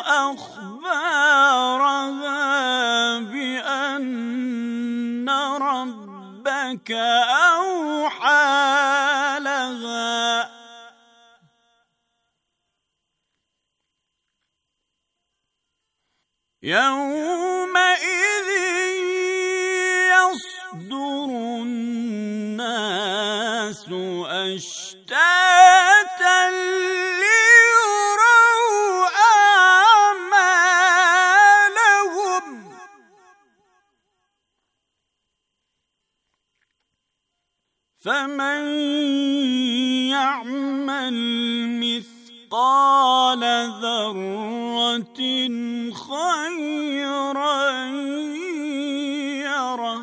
أخبارها بأن ربك أوحى لها يومئذ يصدر الناس أشتاقا فمن يعمل مثقال ذره خيرا يره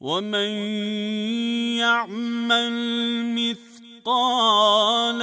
ومن يعمل مثقال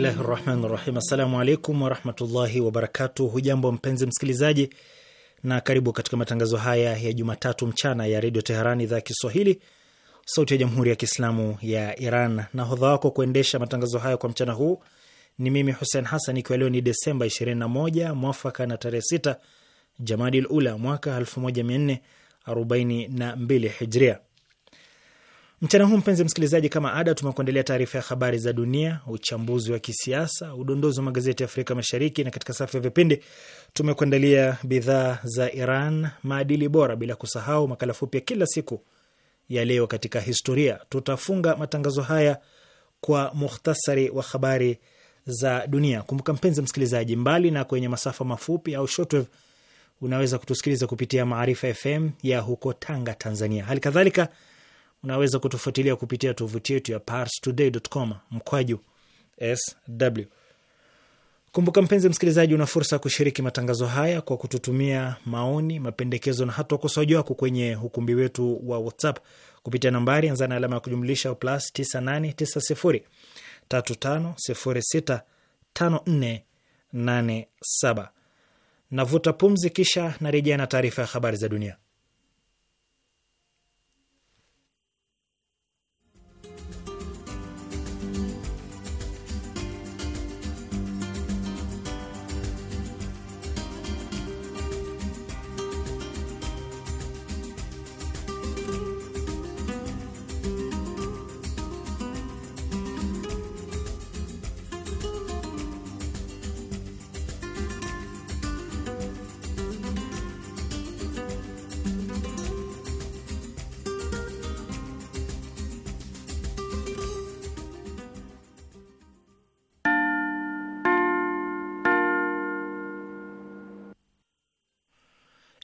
Bismillahi rahmani rahim. Assalamu alaikum warahmatullahi wabarakatuh. Hujambo mpenzi msikilizaji, na karibu katika matangazo haya ya Jumatatu mchana ya redio Teherani, idhaa ya Kiswahili, sauti ya jamhuri ya kiislamu ya Iran. Nahodha wako kuendesha matangazo haya kwa mchana huu ni mimi Hussein Hassan, ikiwa leo ni Desemba 21 mwafaka na tarehe 6 Jamadil Ula mwaka 1442 Hijria. Mchana huu mpenzi msikilizaji, kama ada, tumekuandalia taarifa ya habari za dunia, uchambuzi wa kisiasa, udondozi wa magazeti ya Afrika Mashariki, na katika safu ya vipindi tumekuandalia bidhaa za Iran, maadili bora, bila kusahau makala fupi ya kila siku ya leo katika historia. Tutafunga matangazo haya kwa muhtasari wa habari za dunia. Kumbuka mpenzi msikilizaji, mbali na kwenye masafa mafupi au shortwave, unaweza kutusikiliza kupitia Maarifa FM ya huko Tanga, Tanzania. Hali kadhalika unaweza kutufuatilia kupitia tovuti yetu ya parstoday.com mkwaju sw. Kumbuka mpenzi msikilizaji, una fursa ya kushiriki matangazo haya kwa kututumia maoni, mapendekezo na hata ukosoaji wako kwenye ukumbi wetu wa WhatsApp kupitia nambari anza na alama ya kujumlisha plus 989035065487. Navuta pumzi, kisha narejea na taarifa ya habari za dunia.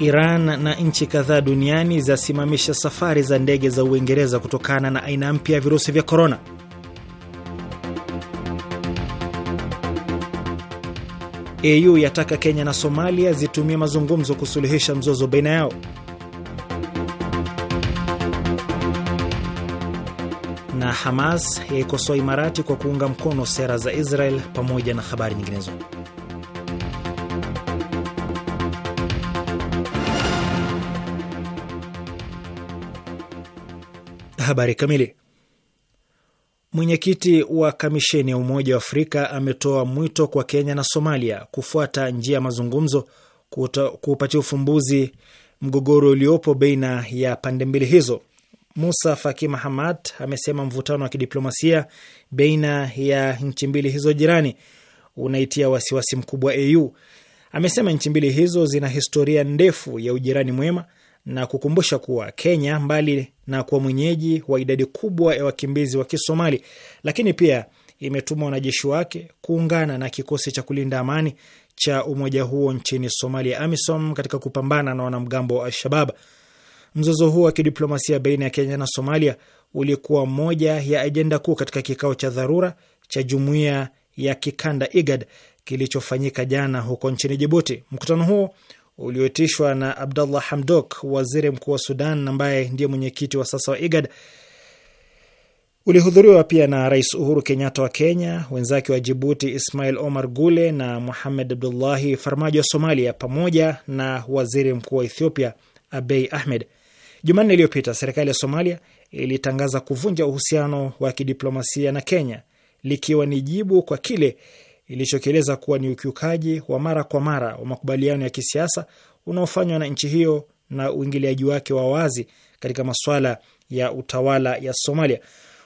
Iran na nchi kadhaa duniani zasimamisha safari za ndege za Uingereza kutokana na aina mpya ya virusi vya korona. AU yataka Kenya na Somalia zitumie mazungumzo kusuluhisha mzozo baina yao. Na Hamas yaikosoa Imarati kwa kuunga mkono sera za Israel pamoja na habari nyinginezo. habari kamili. Mwenyekiti wa kamisheni ya Umoja wa Afrika ametoa mwito kwa Kenya na Somalia kufuata njia ya mazungumzo kuupatia ufumbuzi mgogoro uliopo baina ya pande mbili hizo. Musa Faki Mahamad amesema mvutano wa kidiplomasia baina ya nchi mbili hizo jirani unaitia wasiwasi mkubwa AU. Amesema nchi mbili hizo zina historia ndefu ya ujirani mwema na kukumbusha kuwa Kenya, mbali na kuwa mwenyeji wa idadi kubwa ya wakimbizi wa Kisomali, lakini pia imetuma wanajeshi wake kuungana na kikosi cha kulinda amani cha umoja huo nchini Somalia, AMISOM, katika kupambana na wanamgambo wa Al-Shabab. Mzozo huo wa kidiplomasia baina ya Kenya na Somalia ulikuwa moja ya ajenda kuu katika kikao cha dharura cha jumuiya ya kikanda IGAD kilichofanyika jana huko nchini Jibuti. Mkutano huo ulioitishwa na Abdallah Hamdok, waziri mkuu wa Sudan ambaye ndiye mwenyekiti wa sasa wa IGAD ulihudhuriwa pia na Rais Uhuru Kenyatta wa Kenya, wenzake wa Jibuti Ismail Omar Gule na Muhamed Abdullahi Farmajo wa Somalia, pamoja na waziri mkuu wa Ethiopia Abei Ahmed. Jumanne iliyopita serikali ya Somalia ilitangaza kuvunja uhusiano wa kidiplomasia na Kenya likiwa ni jibu kwa kile ilichokieleza kuwa ni ukiukaji wa mara kwa mara wa makubaliano ya kisiasa unaofanywa na nchi hiyo na uingiliaji wake wa wazi katika masuala ya utawala ya Somalia.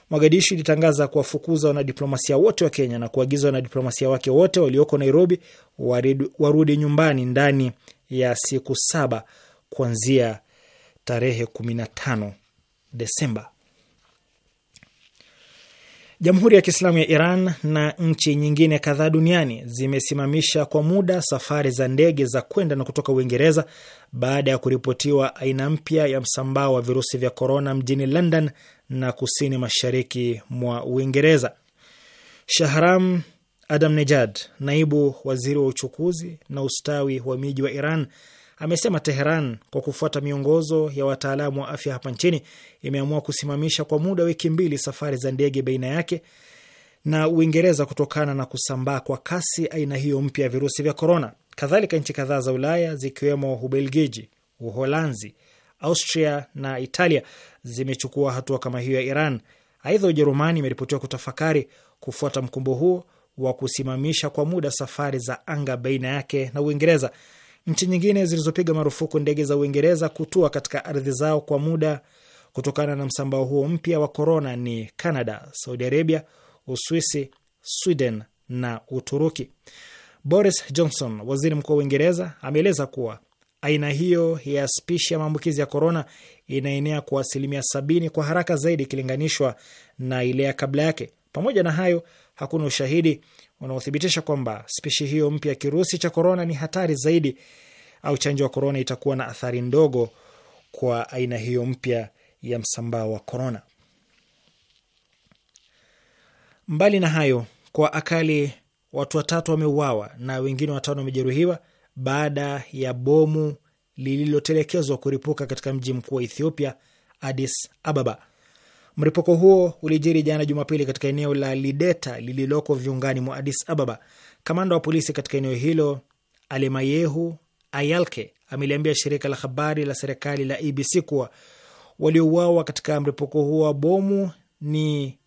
Mogadishu ilitangaza kuwafukuza wanadiplomasia wote wa Kenya na kuagiza wanadiplomasia wake wote walioko Nairobi warudi nyumbani ndani ya siku saba kuanzia tarehe 15 Desemba. Jamhuri ya Kiislamu ya Iran na nchi nyingine kadhaa duniani zimesimamisha kwa muda safari za ndege za kwenda na kutoka Uingereza baada ya kuripotiwa aina mpya ya msambao wa virusi vya korona mjini London na kusini mashariki mwa Uingereza. Shahram adam nejad naibu waziri wa uchukuzi na ustawi wa miji wa Iran, amesema Teheran kwa kufuata miongozo ya wataalamu wa afya hapa nchini imeamua kusimamisha kwa muda wiki mbili safari za ndege baina yake na Uingereza kutokana na kusambaa kwa kasi aina hiyo mpya ya virusi vya korona. Kadhalika, nchi kadhaa za Ulaya zikiwemo Ubelgiji, Uholanzi, Austria na Italia zimechukua hatua kama hiyo ya Iran. Aidha, Ujerumani imeripotiwa kutafakari kufuata mkumbo huo wa kusimamisha kwa muda safari za anga baina yake na Uingereza. Nchi nyingine zilizopiga marufuku ndege za Uingereza kutua katika ardhi zao kwa muda kutokana na msambao huo mpya wa korona ni Canada, Saudi Arabia, Uswisi, Sweden na Uturuki. Boris Johnson, waziri mkuu wa Uingereza, ameeleza kuwa aina hiyo ya spishi ya maambukizi ya korona inaenea kwa asilimia sabini kwa haraka zaidi ikilinganishwa na ile ya kabla yake. Pamoja na hayo, hakuna ushahidi unaothibitisha kwamba spishi hiyo mpya ya kirusi cha korona ni hatari zaidi au chanjo ya korona itakuwa na athari ndogo kwa aina hiyo mpya ya msambao wa korona. Mbali na hayo, kwa akali watu watatu wameuawa na wengine watano wamejeruhiwa baada ya bomu lililotelekezwa kuripuka katika mji mkuu wa Ethiopia, Addis Ababa. Mlipuko huo ulijiri jana Jumapili katika eneo la Lideta lililoko viungani mwa Adis Ababa. Kamanda wa polisi katika eneo hilo Alemayehu Ayalke ameliambia shirika la habari la serikali la ABC e kuwa waliouawa katika mlipuko huo wa bomu ni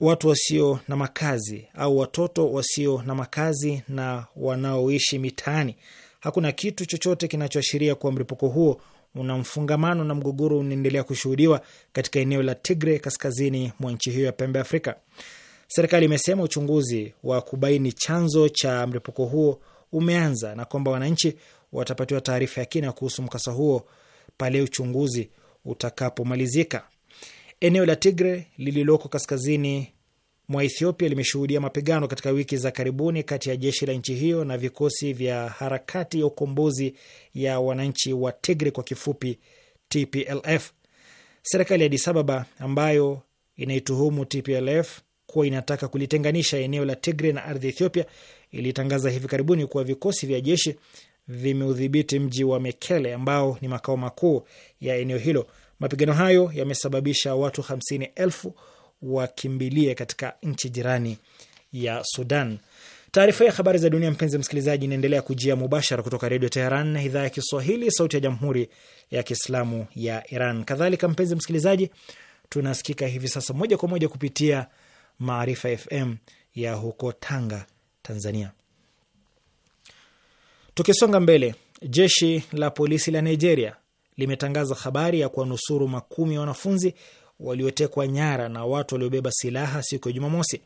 watu wasio na makazi au watoto wasio na makazi na wanaoishi mitaani. Hakuna kitu chochote kinachoashiria kuwa mlipuko huo una mfungamano na mgogoro unaendelea kushuhudiwa katika eneo la Tigre kaskazini mwa nchi hiyo ya pembe Afrika. Serikali imesema uchunguzi wa kubaini chanzo cha mlipuko huo umeanza na kwamba wananchi watapatiwa taarifa ya kina kuhusu mkasa huo pale uchunguzi utakapomalizika. Eneo la Tigre lililoko kaskazini mwa Ethiopia limeshuhudia mapigano katika wiki za karibuni kati ya jeshi la nchi hiyo na vikosi vya harakati ya ukombozi ya wananchi wa Tigray kwa kifupi TPLF. Serikali ya Addis Ababa ambayo inaituhumu TPLF kuwa inataka kulitenganisha eneo la tigre na ardhi ya Ethiopia ilitangaza hivi karibuni kuwa vikosi vya jeshi vimeudhibiti mji wa Mekele ambao ni makao makuu ya eneo hilo. Mapigano hayo yamesababisha watu hamsini elfu wakimbilie katika nchi jirani ya Sudan. Taarifa ya habari za dunia, mpenzi msikilizaji, inaendelea kujia mubashara kutoka Redio Teheran, idhaa ya Kiswahili, sauti ya Jamhuri ya Kiislamu ya Iran. Kadhalika mpenzi msikilizaji, tunasikika hivi sasa moja kwa moja kupitia Maarifa FM ya huko Tanga, Tanzania. Tukisonga mbele, jeshi la polisi la Nigeria limetangaza habari ya kuwanusuru makumi ya wanafunzi waliotekwa nyara na watu waliobeba silaha siku ya Jumamosi.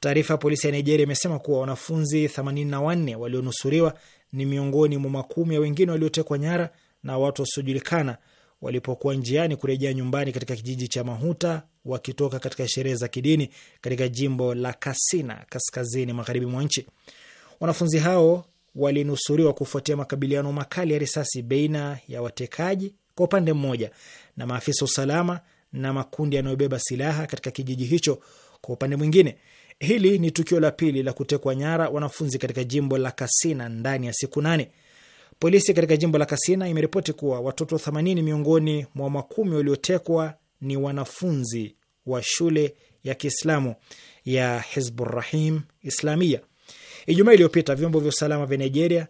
Taarifa ya polisi ya Nigeria imesema kuwa wanafunzi 84 walionusuriwa ni miongoni mwa makumi ya wengine waliotekwa nyara na watu wasiojulikana walipokuwa njiani kurejea nyumbani katika kijiji cha Mahuta wakitoka katika sherehe za kidini katika jimbo la Kasina kaskazini magharibi mwa nchi. Wanafunzi hao walinusuriwa kufuatia makabiliano makali ya risasi baina ya watekaji kwa upande mmoja na maafisa usalama na makundi yanayobeba silaha katika kijiji hicho. Kwa upande mwingine, hili ni tukio la pili la kutekwa nyara wanafunzi katika jimbo la Kasina ndani ya siku nane. Polisi katika jimbo la Kasina imeripoti kuwa watoto 80 miongoni mwa makumi waliotekwa ni wanafunzi wa shule ya Kiislamu ya Hizburrahim Islamia. Ijumaa iliyopita vyombo vya usalama vya Nigeria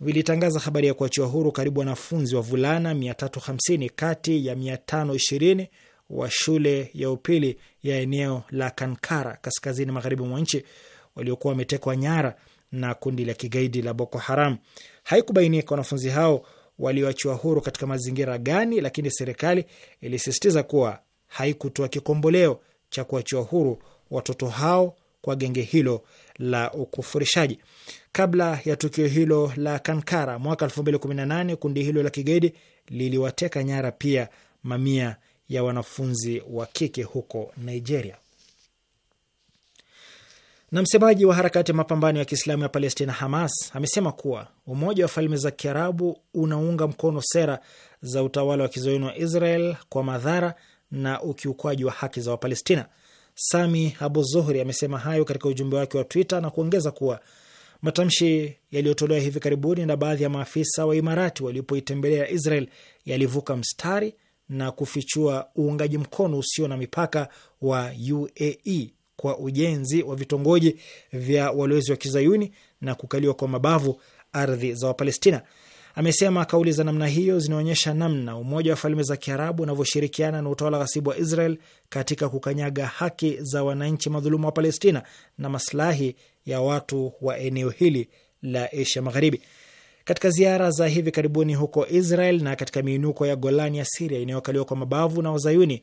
vilitangaza habari ya kuachiwa huru karibu wanafunzi wa vulana 350 kati ya 520 wa shule ya upili ya eneo la Kankara kaskazini magharibi mwa nchi waliokuwa wametekwa nyara na kundi la kigaidi la Boko Haram. Haikubainika wanafunzi hao walioachiwa huru katika mazingira gani, lakini serikali ilisisitiza kuwa haikutoa kikomboleo cha kuachiwa huru watoto hao kwa genge hilo la ukufurishaji. Kabla ya tukio hilo la Kankara mwaka 2018, kundi hilo la kigaidi liliwateka nyara pia mamia ya wanafunzi wa kike huko Nigeria. Na msemaji wa harakati ya mapambano ya Kiislamu ya Palestina, Hamas, amesema kuwa Umoja wa Falme za Kiarabu unaunga mkono sera za utawala wa kizoeni wa Israel kwa madhara na ukiukwaji wa haki za Wapalestina. Sami Abu Zuhri amesema hayo katika ujumbe wake wa Twitter na kuongeza kuwa matamshi yaliyotolewa hivi karibuni na baadhi ya maafisa wa Imarati walipoitembelea Israel yalivuka mstari na kufichua uungaji mkono usio na mipaka wa UAE kwa ujenzi wa vitongoji vya walowezi wa kizayuni na kukaliwa kwa mabavu ardhi za Wapalestina. Amesema kauli za namna hiyo zinaonyesha namna Umoja wa Falme za Kiarabu unavyoshirikiana na utawala ghasibu wa Israel katika kukanyaga haki za wananchi madhulumu wa Palestina na maslahi ya watu wa eneo hili la Asia Magharibi. Katika ziara za hivi karibuni huko Israel na katika miinuko ya Golani ya Siria inayokaliwa kwa mabavu na Wazayuni,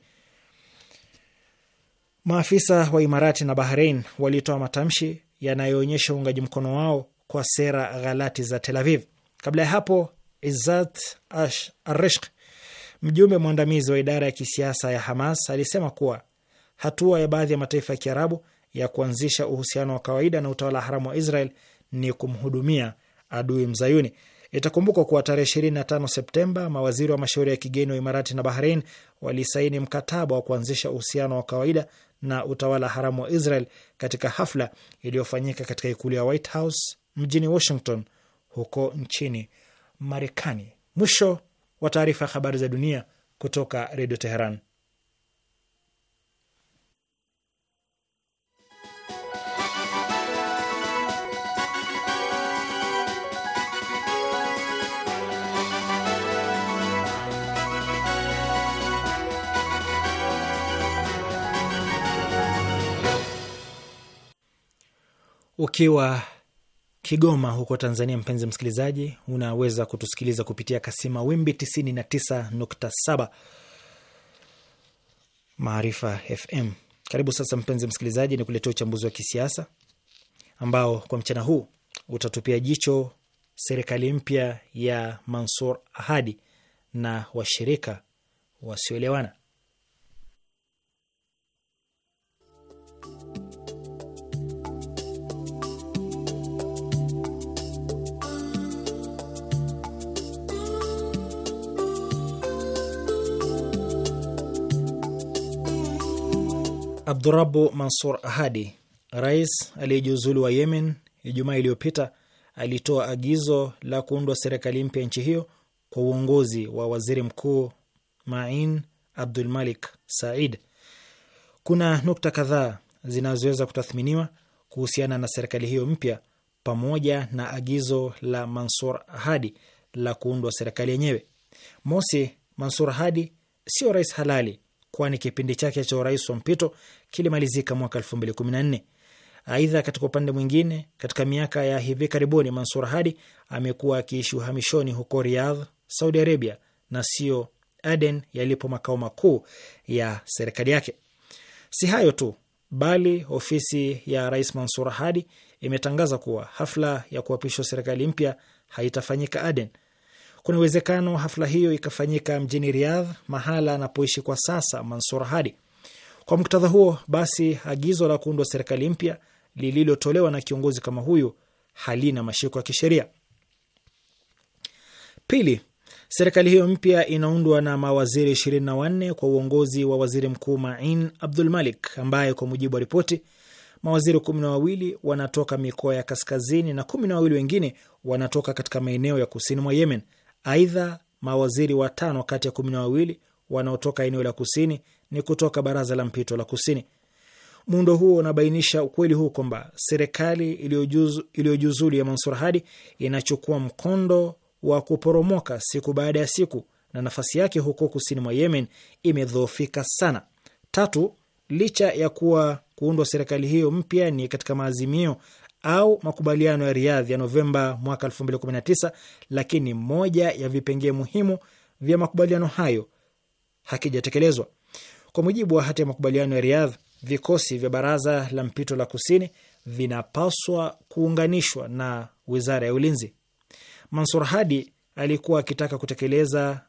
maafisa wa Imarati na bahrein walitoa matamshi yanayoonyesha uungaji mkono wao kwa sera ghalati za Tel Aviv. Kabla ya hapo, Izzat Arishq, mjumbe mwandamizi wa idara ya kisiasa ya Hamas, alisema kuwa hatua ya baadhi ya mataifa ya Kiarabu ya kuanzisha uhusiano wa kawaida na utawala haramu wa Israel ni kumhudumia adui mzayuni. Itakumbukwa kuwa tarehe 25 Septemba mawaziri wa mashauri ya kigeni wa Imarati na Bahrain walisaini mkataba wa kuanzisha uhusiano wa kawaida na utawala haramu wa Israel katika hafla iliyofanyika katika ikulu ya White House mjini Washington huko nchini Marekani. Mwisho wa taarifa ya habari za dunia kutoka Redio Teheran. Ukiwa Kigoma huko Tanzania, mpenzi msikilizaji, unaweza kutusikiliza kupitia kasima wimbi 99.7 Maarifa FM. Karibu sasa, mpenzi msikilizaji, ni kuletea uchambuzi wa kisiasa ambao kwa mchana huu utatupia jicho serikali mpya ya Mansur Ahadi na washirika wasioelewana. Abdurabu Mansur Ahadi, rais aliyejiuzulu wa Yemen, Ijumaa iliyopita alitoa agizo la kuundwa serikali mpya nchi hiyo kwa uongozi wa waziri mkuu Main Abdul Malik Said. Kuna nukta kadhaa zinazoweza kutathminiwa kuhusiana na serikali hiyo mpya pamoja na agizo la Mansur Hadi la kuundwa serikali yenyewe. Mosi, Mansur Hadi sio rais halali kwani kipindi chake cha urais wa mpito kilimalizika mwaka nne. Aidha, katika upande mwingine, katika miaka ya hivi karibuni, Mansur Hadi amekuwa akiishi uhamishoni huko Riyadh, Saudi Arabia, na sio Aden yalipo makao makuu ya serikali yake. Si hayo tu, bali ofisi ya rais Mansur Hadi imetangaza kuwa hafla ya kuapishwa serikali mpya haitafanyika Aden kuna uwezekano hafla hiyo ikafanyika mjini Riyadh, mahala anapoishi kwa sasa Mansur Hadi. Kwa muktadha huo basi, agizo la kuundwa serikali mpya lililotolewa na kiongozi kama huyu halina mashiko ya kisheria. Pili, serikali hiyo mpya inaundwa na mawaziri 24 kwa uongozi wa waziri mkuu Main Abdul Malik, ambaye kwa mujibu wa ripoti mawaziri kumi na wawili wanatoka mikoa ya kaskazini na kumi na wawili wengine wanatoka katika maeneo ya kusini mwa Yemen. Aidha, mawaziri watano kati ya kumi na wawili wanaotoka eneo la kusini ni kutoka baraza la mpito la kusini. Muundo huo unabainisha ukweli huu kwamba serikali iliyojuzulu ya Mansur Hadi inachukua mkondo wa kuporomoka siku baada ya siku na nafasi yake huko kusini mwa Yemen imedhoofika sana. Tatu, licha ya kuwa kuundwa serikali hiyo mpya ni katika maazimio au makubaliano ya Riyadh ya Novemba mwaka 2019, lakini moja ya vipengee muhimu vya makubaliano hayo hakijatekelezwa. Kwa mujibu wa hati ya makubaliano ya Riyadh, vikosi vya baraza la mpito la kusini vinapaswa kuunganishwa na wizara ya ulinzi. Mansur Hadi alikuwa akitaka kutekeleza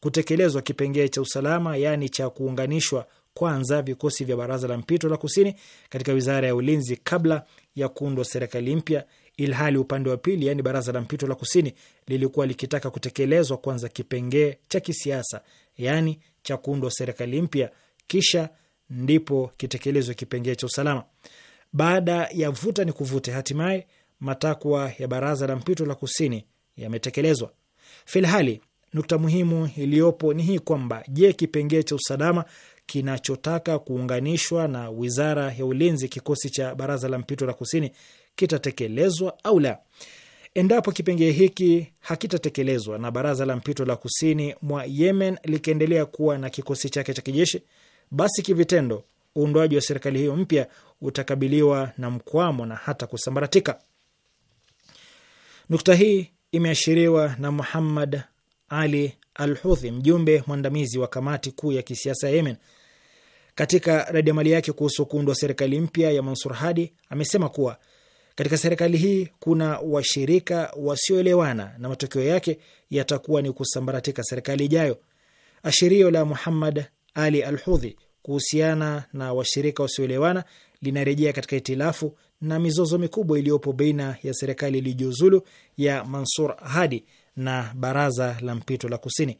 kutekelezwa kipengee cha usalama, yaani cha kuunganishwa kwanza vikosi vya baraza la mpito la kusini katika wizara ya ulinzi kabla ya kuundwa serikali mpya, ilhali upande wa pili, yaani baraza la mpito la kusini, lilikuwa likitaka kutekelezwa kwanza kipengee cha kisiasa, yaani cha kuundwa serikali mpya, kisha ndipo kitekelezwe kipengee cha usalama. Baada ya vuta ni kuvute, hatimaye matakwa ya baraza la mpito la kusini yametekelezwa. Filhali, nukta muhimu iliyopo ni hii kwamba, je, kipengee cha usalama kinachotaka kuunganishwa na wizara ya ulinzi kikosi cha baraza la mpito la kusini kitatekelezwa au la. Endapo kipengee hiki hakitatekelezwa na baraza la mpito la kusini mwa Yemen likiendelea kuwa na kikosi chake cha kijeshi, basi kivitendo uundwaji wa serikali hiyo mpya utakabiliwa na mkwamo na hata kusambaratika. Nukta hii imeashiriwa na Muhammad Ali Al Huthi, mjumbe mwandamizi wa kamati kuu ya kisiasa ya Yemen, katika mali yake kuhusu kuundwa serikali mpya ya Mansur Hadi amesema kuwa katika serikali hii kuna washirika wasioelewana na matokeo yake yatakuwa ni kusambaratika serikali ijayo. Ashirio la Muhammad Ali al hudhi kuhusiana na washirika wasioelewana linarejea katika itilafu na mizozo mikubwa iliyopo baina ya serikali iliyojiuzulu ya Mansur Hadi na baraza la mpito la Kusini.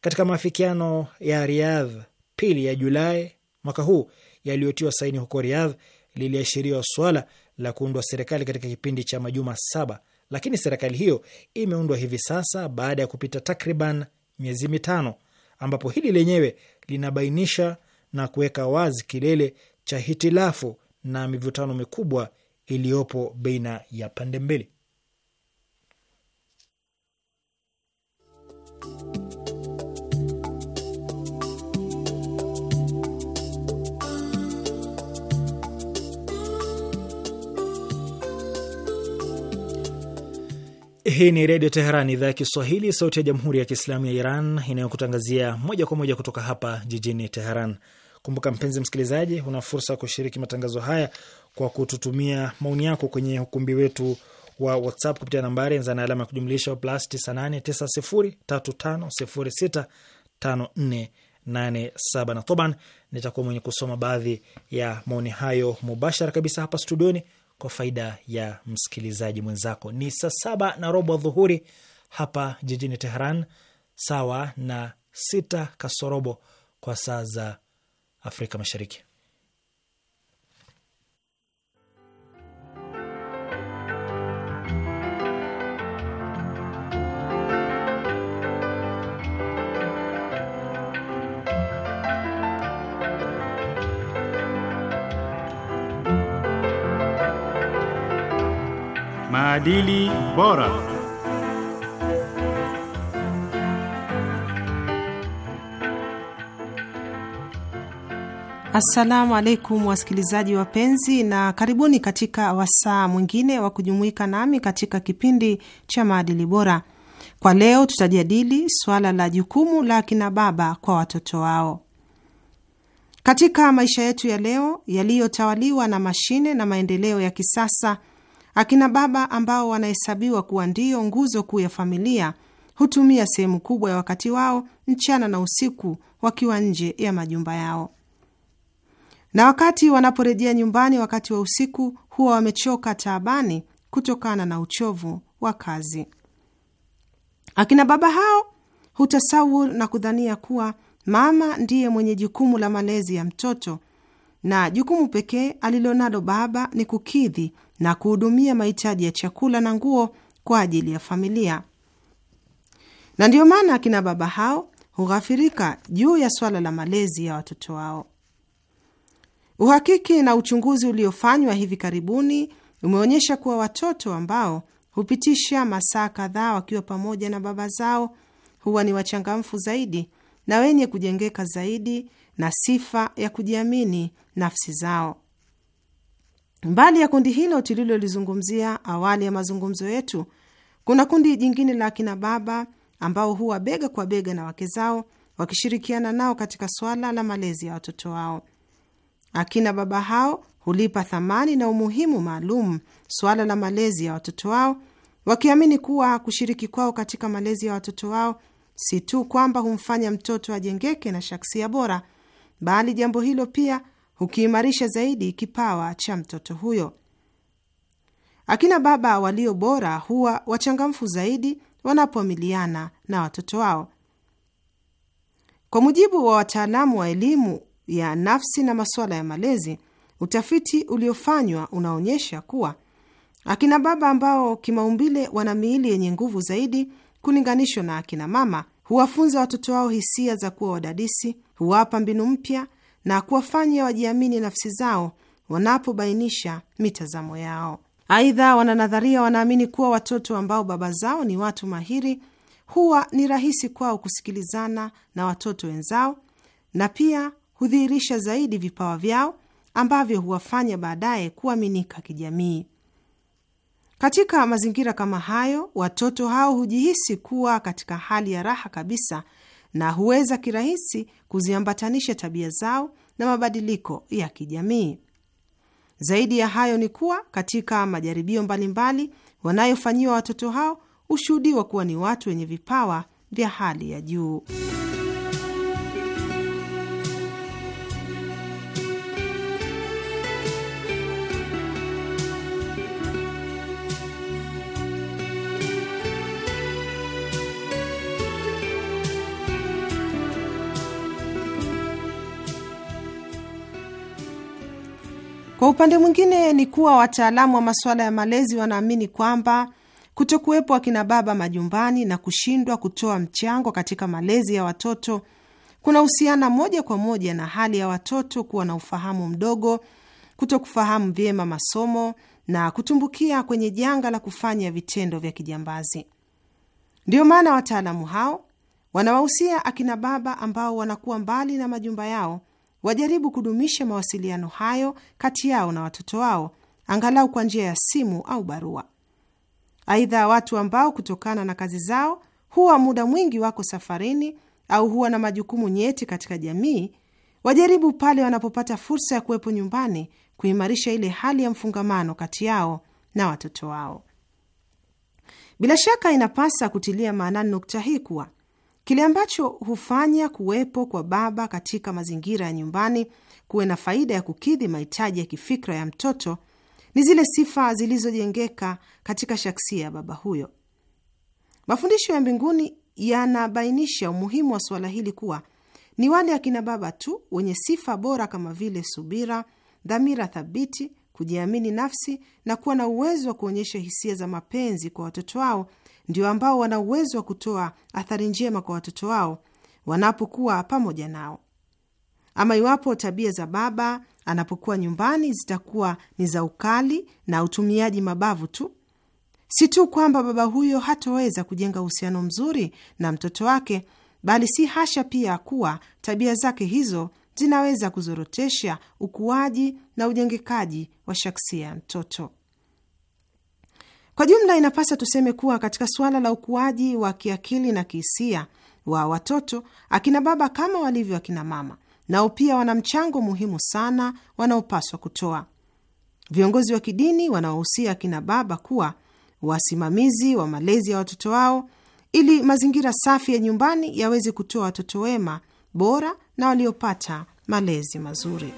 Katika maafikiano ya riadh pili ya Julai mwaka huu yaliyotiwa saini huko Riyadh liliashiriwa swala la kuundwa serikali katika kipindi cha majuma saba, lakini serikali hiyo imeundwa hivi sasa baada ya kupita takriban miezi mitano, ambapo hili lenyewe linabainisha na kuweka wazi kilele cha hitilafu na mivutano mikubwa iliyopo baina ya pande mbili. Hii ni Redio Teheran, idhaa ya Kiswahili, sauti ya Jamhuri ya Kiislamu ya Iran, inayokutangazia moja kwa moja kutoka hapa jijini Teheran. Kumbuka mpenzi msikilizaji, una fursa ya kushiriki matangazo haya kwa kututumia maoni yako kwenye ukumbi wetu wa WhatsApp kupitia nambari zana alama ya kujumlisha plus 989035065487 na Thoban. Nitakuwa mwenye kusoma baadhi ya maoni hayo mubashara kabisa hapa studioni kwa faida ya msikilizaji mwenzako. Ni saa saba na robo dhuhuri hapa jijini Teheran, sawa na sita kasorobo kwa saa za Afrika Mashariki. Maadili Bora. Assalamu alaikum wasikilizaji wapenzi, na karibuni katika wasaa mwingine wa kujumuika nami katika kipindi cha maadili bora. Kwa leo tutajadili swala la jukumu la akina baba kwa watoto wao katika maisha yetu ya leo yaliyotawaliwa na mashine na maendeleo ya kisasa. Akina baba ambao wanahesabiwa kuwa ndiyo nguzo kuu ya familia hutumia sehemu kubwa ya wakati wao mchana na usiku wakiwa nje ya majumba yao, na wakati wanaporejea nyumbani wakati wa usiku huwa wamechoka taabani kutokana na uchovu wa kazi. Akina baba hao hutasawur na kudhania kuwa mama ndiye mwenye jukumu la malezi ya mtoto na jukumu pekee alilonalo baba ni kukidhi na kuhudumia mahitaji ya chakula na nguo kwa ajili ya familia. Na ndiyo maana akina baba hao hughafirika juu ya swala la malezi ya watoto wao. Uhakiki na uchunguzi uliofanywa hivi karibuni umeonyesha kuwa watoto ambao hupitisha masaa kadhaa wakiwa pamoja na baba zao huwa ni wachangamfu zaidi na wenye kujengeka zaidi na sifa ya kujiamini nafsi zao. Mbali ya kundi hilo tulilolizungumzia awali ya mazungumzo yetu, kuna kundi jingine la akina baba ambao huwa bega kwa bega na wake zao wakishirikiana nao katika swala la malezi ya watoto wao. Akina baba hao hulipa thamani na umuhimu maalum swala la malezi ya watoto wao, wakiamini kuwa kushiriki kwao katika malezi ya watoto wao si tu kwamba humfanya mtoto ajengeke na shaksia bora, bali jambo hilo pia hukiimarisha zaidi kipawa cha mtoto huyo. Akina baba walio bora huwa wachangamfu zaidi wanapoamiliana na watoto wao. Kwa mujibu wa wataalamu wa elimu ya nafsi na masuala ya malezi, utafiti uliofanywa unaonyesha kuwa akina baba ambao kimaumbile wana miili yenye nguvu zaidi kulinganishwa na akina mama huwafunza watoto wao hisia za kuwa wadadisi, huwapa mbinu mpya na kuwafanya wajiamini nafsi zao wanapobainisha mitazamo yao. Aidha, wananadharia wanaamini kuwa watoto ambao baba zao ni watu mahiri huwa ni rahisi kwao kusikilizana na watoto wenzao na pia hudhihirisha zaidi vipawa vyao ambavyo huwafanya baadaye kuaminika kijamii. Katika mazingira kama hayo, watoto hao hujihisi kuwa katika hali ya raha kabisa na huweza kirahisi kuziambatanisha tabia zao na mabadiliko ya kijamii. Zaidi ya hayo ni kuwa katika majaribio mbalimbali wanayofanyiwa watoto hao hushuhudiwa kuwa ni watu wenye vipawa vya hali ya juu. Kwa upande mwingine ni kuwa wataalamu wa masuala ya malezi wanaamini kwamba kutokuwepo akina baba majumbani na kushindwa kutoa mchango katika malezi ya watoto kuna husiana moja kwa moja na hali ya watoto kuwa na ufahamu mdogo, kutokufahamu vyema masomo na kutumbukia kwenye janga la kufanya vitendo vya kijambazi. Ndiyo maana wataalamu hao wanawahusia akina baba ambao wanakuwa mbali na majumba yao wajaribu kudumisha mawasiliano hayo kati yao na watoto wao angalau kwa njia ya simu au barua. Aidha, watu ambao kutokana na kazi zao huwa muda mwingi wako safarini au huwa na majukumu nyeti katika jamii, wajaribu pale wanapopata fursa ya kuwepo nyumbani kuimarisha ile hali ya mfungamano kati yao na watoto wao. Bila shaka inapasa kutilia maanani nukta hii kuwa Kile ambacho hufanya kuwepo kwa baba katika mazingira ya nyumbani kuwe na faida ya kukidhi mahitaji ya kifikra ya mtoto ni zile sifa zilizojengeka katika shaksia ya baba huyo. Mafundisho ya mbinguni yanabainisha umuhimu wa suala hili kuwa ni wale akina baba tu wenye sifa bora kama vile subira, dhamira thabiti, kujiamini nafsi na kuwa na uwezo wa kuonyesha hisia za mapenzi kwa watoto wao ndio ambao wana uwezo wa kutoa athari njema kwa watoto wao wanapokuwa pamoja nao. Ama iwapo tabia za baba anapokuwa nyumbani zitakuwa ni za ukali na utumiaji mabavu tu, si tu kwamba baba huyo hatoweza kujenga uhusiano mzuri na mtoto wake, bali si hasha pia kuwa tabia zake hizo zinaweza kuzorotesha ukuaji na ujengekaji wa shaksia ya mtoto. Kwa jumla, inapasa tuseme kuwa katika suala la ukuaji wa kiakili na kihisia wa watoto, akina baba kama walivyo akina mama, nao pia wana mchango muhimu sana wanaopaswa kutoa. Viongozi wa kidini wanawahusia akina baba kuwa wasimamizi wa malezi ya watoto wao ili mazingira safi ya nyumbani yaweze kutoa watoto wema, bora na waliopata malezi mazuri.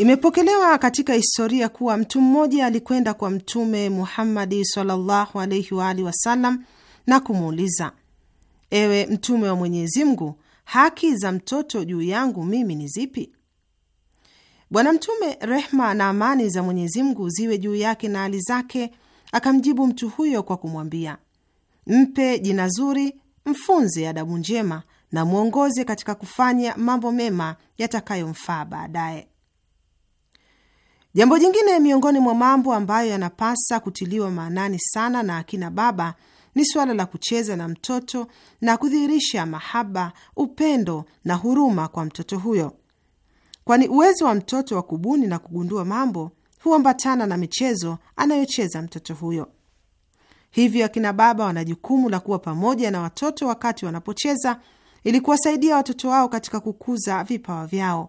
Imepokelewa katika historia kuwa mtu mmoja alikwenda kwa Mtume Muhammadi sallallahu alaihi wa alihi wasallam na kumuuliza, ewe Mtume wa Mwenyezi Mungu, haki za mtoto juu yangu mimi ni zipi? Bwana Mtume, rehma na amani za Mwenyezi Mungu ziwe juu yake na hali zake, akamjibu mtu huyo kwa kumwambia, mpe jina zuri, mfunze adabu njema na mwongoze katika kufanya mambo mema yatakayomfaa baadaye. Jambo jingine miongoni mwa mambo ambayo yanapasa kutiliwa maanani sana na akina baba ni suala la kucheza na mtoto na kudhihirisha mahaba, upendo na huruma kwa mtoto huyo, kwani uwezo wa mtoto wa kubuni na kugundua mambo huambatana na michezo anayocheza mtoto huyo. Hivyo akina baba wana jukumu la kuwa pamoja na watoto wakati wanapocheza, ili kuwasaidia watoto wao katika kukuza vipawa vyao.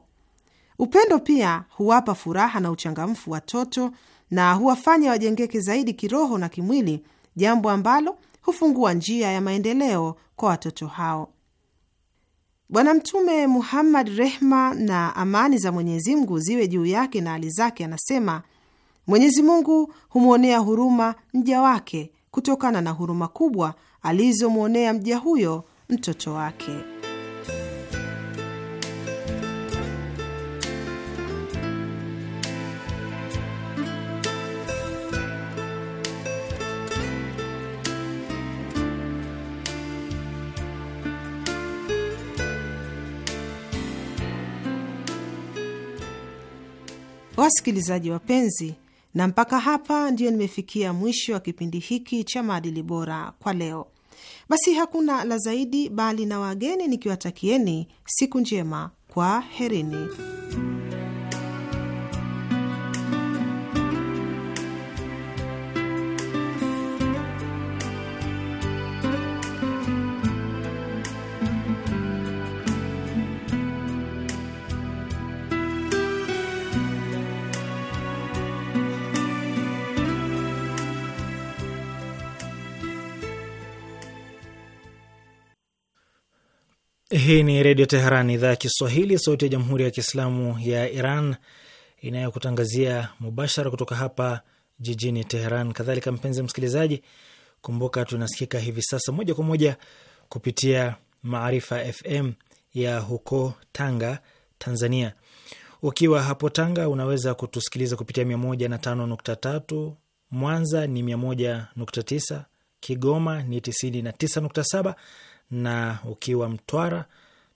Upendo pia huwapa furaha na uchangamfu watoto na huwafanya wajengeke zaidi kiroho na kimwili, jambo ambalo hufungua njia ya maendeleo kwa watoto hao. Bwana Mtume Muhammad, rehma na amani za Mwenyezi Mungu ziwe juu yake na hali zake, anasema Mwenyezi Mungu humwonea huruma mja wake kutokana na huruma kubwa alizomwonea mja huyo mtoto wake. Wasikilizaji wapenzi, na mpaka hapa ndiyo nimefikia mwisho wa kipindi hiki cha maadili bora kwa leo. Basi hakuna la zaidi, bali na wageni nikiwatakieni siku njema, kwa kwaherini. Hii ni Redio Teheran, idhaa ya Kiswahili, sauti ya Jamhuri ya Kiislamu ya Iran inayokutangazia mubashara kutoka hapa jijini Teheran. Kadhalika mpenzi msikilizaji, kumbuka tunasikika hivi sasa moja kwa moja kupitia Maarifa FM ya huko Tanga, Tanzania. Ukiwa hapo Tanga unaweza kutusikiliza kupitia mia moja na tano nukta tatu, Mwanza ni mia moja nukta tisa, Kigoma ni tisini na tisa nukta saba na ukiwa Mtwara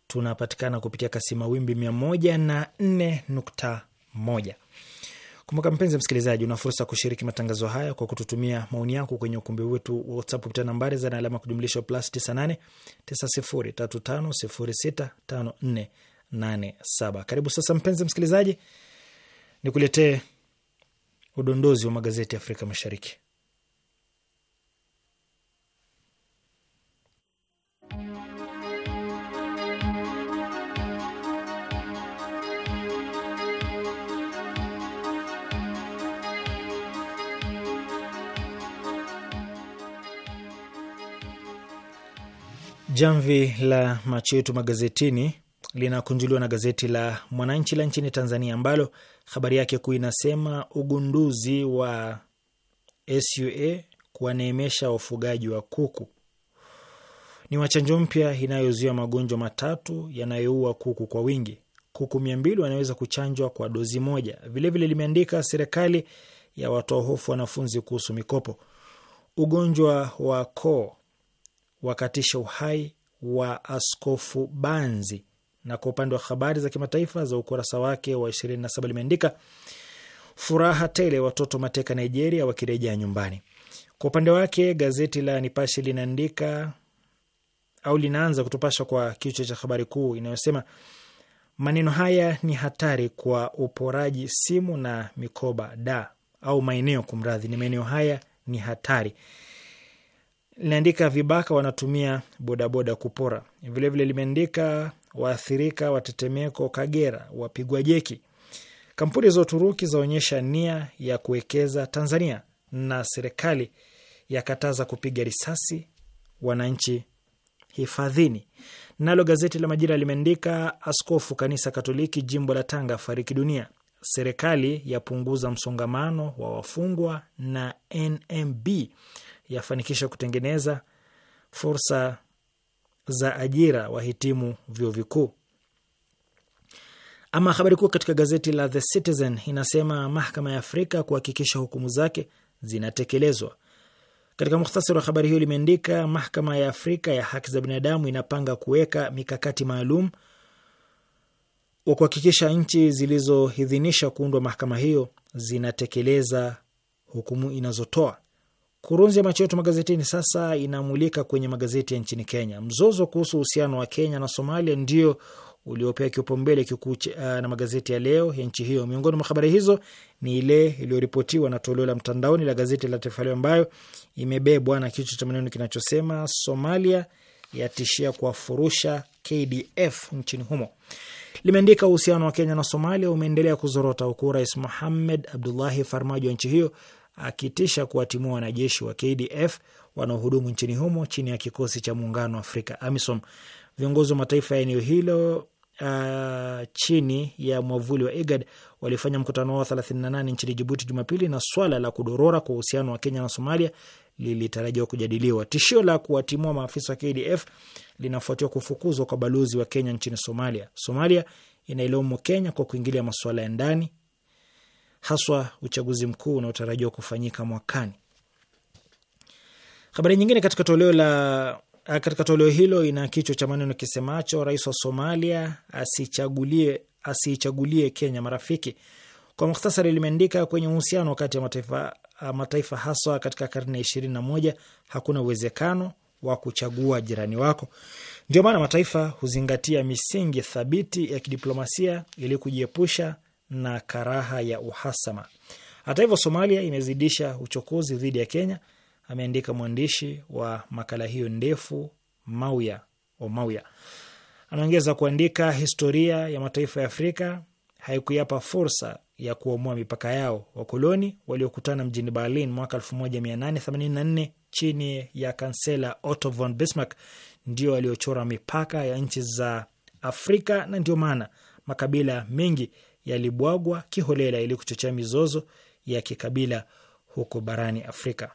tunapatikana kupitia kasi mawimbi mia moja na nne nukta moja. Kumbuka mpenzi msikilizaji, una fursa kushiriki matangazo haya kwa kututumia maoni yako kwenye ukumbi wetu WhatsApp kupitia nambari za na alama kujumlisha plus 98 Karibu sasa, mpenzi msikilizaji, nikuletee udondozi wa magazeti ya Afrika Mashariki. Jamvi la macho yetu magazetini linakunjuliwa na gazeti la Mwananchi la nchini Tanzania, ambalo habari yake kuu inasema ugunduzi wa SUA kuwaneemesha wafugaji wa kuku. Ni wachanjo mpya inayozuia magonjwa matatu yanayoua kuku kwa wingi. Kuku mia mbili wanaweza kuchanjwa kwa dozi moja. Vilevile limeandika serikali ya watoa hofu wanafunzi kuhusu mikopo. Ugonjwa wa koo wakatisha uhai wa Askofu Banzi. Na kwa upande wa habari za kimataifa za ukurasa wake wa 27 limeandika furaha tele, watoto mateka Nigeria wakirejea nyumbani. Kwa upande wake gazeti la Nipashe linaandika au linaanza kutupasha kwa kichwa cha habari kuu inayosema maneno haya ni hatari kwa uporaji simu na mikoba da au maeneo kumradhi, ni maeneo haya ni hatari linaandika vibaka wanatumia bodaboda kupora. Vilevile limeandika waathirika watetemeko Kagera wapigwa jeki, kampuni za Uturuki zaonyesha nia ya kuwekeza Tanzania, na serikali yakataza kupiga risasi wananchi hifadhini. Nalo gazeti la Majira limeandika askofu kanisa Katoliki jimbo la Tanga fariki dunia, serikali yapunguza msongamano wa wafungwa na NMB yafanikisha kutengeneza fursa za ajira wahitimu vyuo vikuu. Ama habari kuu katika gazeti la The Citizen inasema mahakama ya Afrika kuhakikisha hukumu zake zinatekelezwa. Katika muhtasari wa habari hiyo limeandika mahakama ya Afrika ya haki za binadamu inapanga kuweka mikakati maalum wa kuhakikisha nchi zilizoidhinisha kuundwa mahakama hiyo zinatekeleza hukumu inazotoa. Kurunzi ya macho yetu magazetini sasa inamulika kwenye magazeti ya nchini Kenya. Mzozo kuhusu uhusiano wa Kenya na Somalia ndio uliopewa kipaumbele kikuu uh, na magazeti ya leo ya nchi hiyo. Miongoni mwa habari hizo ni ile iliyoripotiwa na toleo la mtandaoni la gazeti la Taifa Leo ambayo imebebwa na kichwa cha maneno kinachosema Somalia yatishia kuwafurusha KDF nchini humo. Limeandika uhusiano wa Kenya na Somalia umeendelea kuzorota, huku Rais Mohamed Abdullahi Farmajo wa nchi hiyo akitisha kuwatimua wanajeshi wa KDF wanaohudumu nchini humo chini ya kikosi cha muungano wa Afrika AMISOM. Viongozi wa mataifa ya eneo hilo Uh, chini ya mwavuli wa IGAD walifanya mkutano wao 38 nchini Jibuti Jumapili, na swala la kudorora kwa uhusiano wa Kenya na Somalia lilitarajiwa kujadiliwa. Tishio la kuwatimua maafisa wa KDF linafuatiwa kufukuzwa kwa balozi wa Kenya nchini Somalia. Somalia inailaumu Kenya kwa kuingilia masuala ya ndani haswa uchaguzi mkuu unaotarajiwa kufanyika mwakani. Habari nyingine katika toleo la katika toleo hilo ina kichwa cha maneno kisemacho rais wa Somalia asichagulie asiichagulie Kenya marafiki. Kwa mukhtasari, limeandika kwenye uhusiano kati ya mataifa, mataifa haswa katika karne ya ishirini na moja hakuna uwezekano wa kuchagua jirani wako. Ndio maana mataifa huzingatia misingi thabiti ya kidiplomasia ili kujiepusha na karaha ya uhasama. Hata hivyo, Somalia imezidisha uchokozi dhidi ya Kenya, ameandika mwandishi wa makala hiyo ndefu Mauya Omauya. Anaongeza kuandika, historia ya mataifa ya Afrika haikuyapa fursa ya kuamua mipaka yao wakoloni waliokutana mjini Berlin mwaka 1884 chini ya kansela Otto von Bismarck ndio waliochora mipaka ya nchi za Afrika, na ndio maana makabila mengi yalibwagwa kiholela ili kuchochea mizozo ya kikabila huko barani Afrika.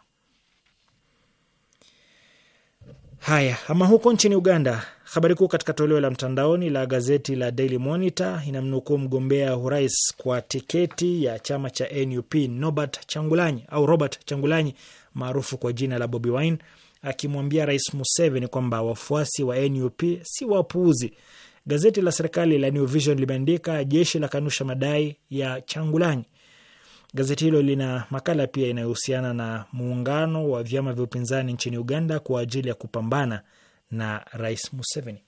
Haya, ama huko nchini Uganda, habari kuu katika toleo la mtandaoni la gazeti la Daily Monitor inamnukuu mgombea urais kwa tiketi ya chama cha NUP Nobert Changulanyi au Robert Changulanyi maarufu kwa jina la Bobi Wine akimwambia Rais Museveni kwamba wafuasi wa NUP si wapuuzi Gazeti la serikali la New Vision limeandika jeshi la kanusha madai ya Changulanyi. Gazeti hilo lina makala pia inayohusiana na muungano wa vyama vya upinzani nchini Uganda kwa ajili ya kupambana na Rais Museveni.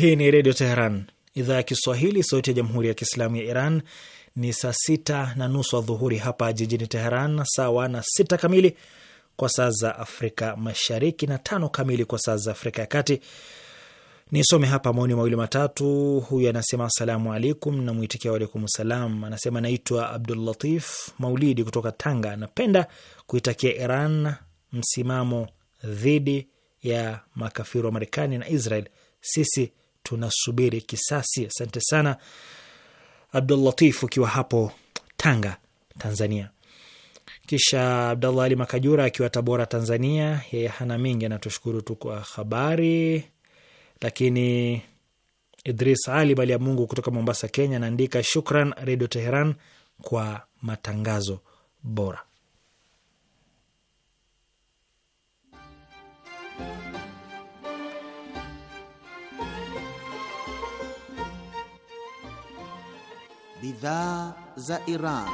Hii ni Redio Teheran, idhaa ya Kiswahili, sauti ya Jamhuri ya Kiislamu ya Iran. Ni saa sita na nusu adhuhuri hapa jijini Teheran, sawa na sita kamili kwa saa za Afrika Mashariki na tano kamili kwa saa za Afrika ya Kati. Nisome hapa maoni mawili matatu. Huyu anasema asalamu alaikum, na mwitikia waalaikum salam. Anasema naitwa Abdulatif Maulidi kutoka Tanga. Anapenda kuitakia Iran msimamo dhidi ya makafiri wa Marekani na Israel. Sisi tunasubiri kisasi. Asante sana abdulatif ukiwa hapo Tanga, Tanzania. Kisha Abdallah Ali Makajura akiwa Tabora, Tanzania, yeye hana mingi, anatushukuru tu kwa habari. Lakini Idris Ali Bali ya Mungu kutoka Mombasa, Kenya, anaandika shukran Redio Teheran kwa matangazo bora. bidhaa za Iran.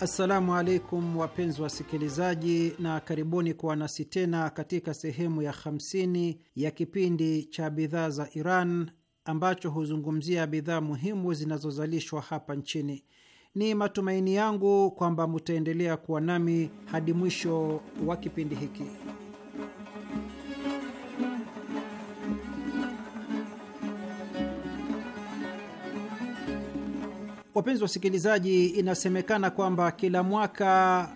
Assalamu alaikum wapenzi wasikilizaji, na karibuni kuwa nasi tena katika sehemu ya 50 ya kipindi cha bidhaa za Iran ambacho huzungumzia bidhaa muhimu zinazozalishwa hapa nchini. Ni matumaini yangu kwamba mutaendelea kuwa nami hadi mwisho wa kipindi hiki. Wapenzi wasikilizaji, inasemekana kwamba kila mwaka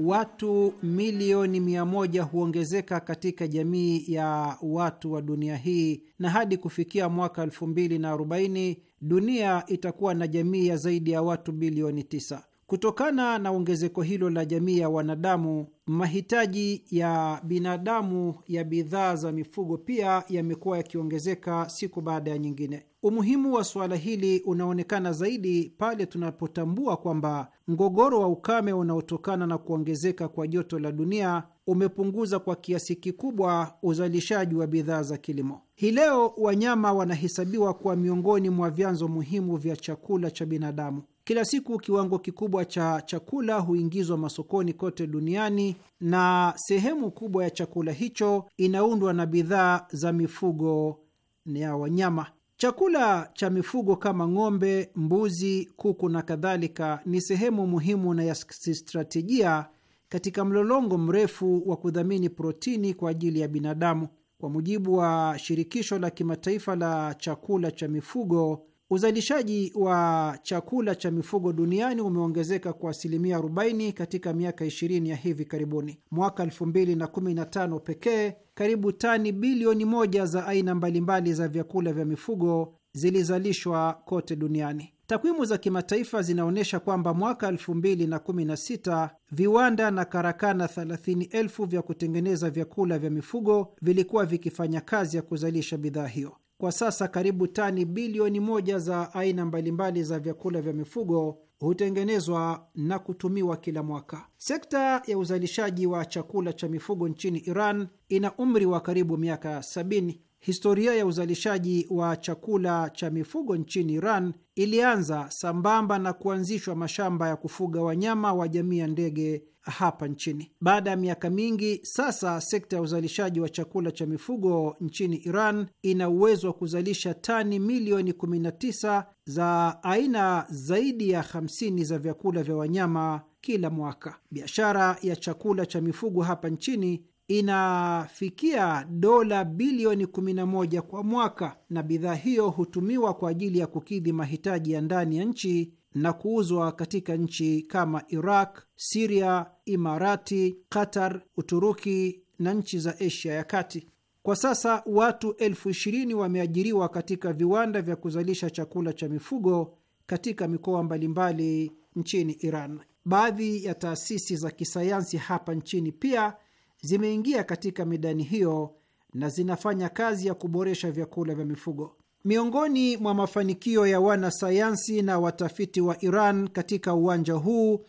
watu milioni mia moja huongezeka katika jamii ya watu wa dunia hii na hadi kufikia mwaka elfu mbili na arobaini dunia itakuwa na jamii ya zaidi ya watu bilioni tisa. Kutokana na ongezeko hilo la jamii ya wanadamu, mahitaji ya binadamu ya bidhaa za mifugo pia yamekuwa yakiongezeka siku baada ya nyingine. Umuhimu wa suala hili unaonekana zaidi pale tunapotambua kwamba mgogoro wa ukame unaotokana na kuongezeka kwa joto la dunia umepunguza kwa kiasi kikubwa uzalishaji wa bidhaa za kilimo. Hii leo wanyama wanahesabiwa kuwa miongoni mwa vyanzo muhimu vya chakula cha binadamu. Kila siku kiwango kikubwa cha chakula huingizwa masokoni kote duniani na sehemu kubwa ya chakula hicho inaundwa na bidhaa za mifugo ya wanyama. Chakula cha mifugo kama ng'ombe, mbuzi, kuku na kadhalika ni sehemu muhimu na ya kistratejia katika mlolongo mrefu wa kudhamini protini kwa ajili ya binadamu. Kwa mujibu wa shirikisho la kimataifa la chakula cha mifugo Uzalishaji wa chakula cha mifugo duniani umeongezeka kwa asilimia 40 katika miaka 20 ya hivi karibuni. Mwaka 2015 pekee, karibu tani bilioni moja za aina mbalimbali za vyakula vya mifugo zilizalishwa kote duniani. Takwimu za kimataifa zinaonyesha kwamba mwaka 2016 viwanda na karakana 30,000 vya kutengeneza vyakula vya mifugo vilikuwa vikifanya kazi ya kuzalisha bidhaa hiyo kwa sasa karibu tani bilioni moja za aina mbalimbali za vyakula vya mifugo hutengenezwa na kutumiwa kila mwaka. Sekta ya uzalishaji wa chakula cha mifugo nchini Iran ina umri wa karibu miaka sabini. Historia ya uzalishaji wa chakula cha mifugo nchini Iran ilianza sambamba na kuanzishwa mashamba ya kufuga wanyama wa jamii ya ndege hapa nchini. Baada ya miaka mingi sasa, sekta ya uzalishaji wa chakula cha mifugo nchini Iran ina uwezo wa kuzalisha tani milioni 19 za aina zaidi ya 50 za vyakula vya wanyama kila mwaka. Biashara ya chakula cha mifugo hapa nchini inafikia dola bilioni 11 kwa mwaka, na bidhaa hiyo hutumiwa kwa ajili ya kukidhi mahitaji ya ndani ya nchi na kuuzwa katika nchi kama Iraq, Siria, Imarati, Qatar, Uturuki na nchi za Asia ya Kati. Kwa sasa watu elfu ishirini wameajiriwa katika viwanda vya kuzalisha chakula cha mifugo katika mikoa mbalimbali nchini Iran. Baadhi ya taasisi za kisayansi hapa nchini pia zimeingia katika midani hiyo na zinafanya kazi ya kuboresha vyakula vya mifugo. Miongoni mwa mafanikio ya wanasayansi na watafiti wa Iran katika uwanja huu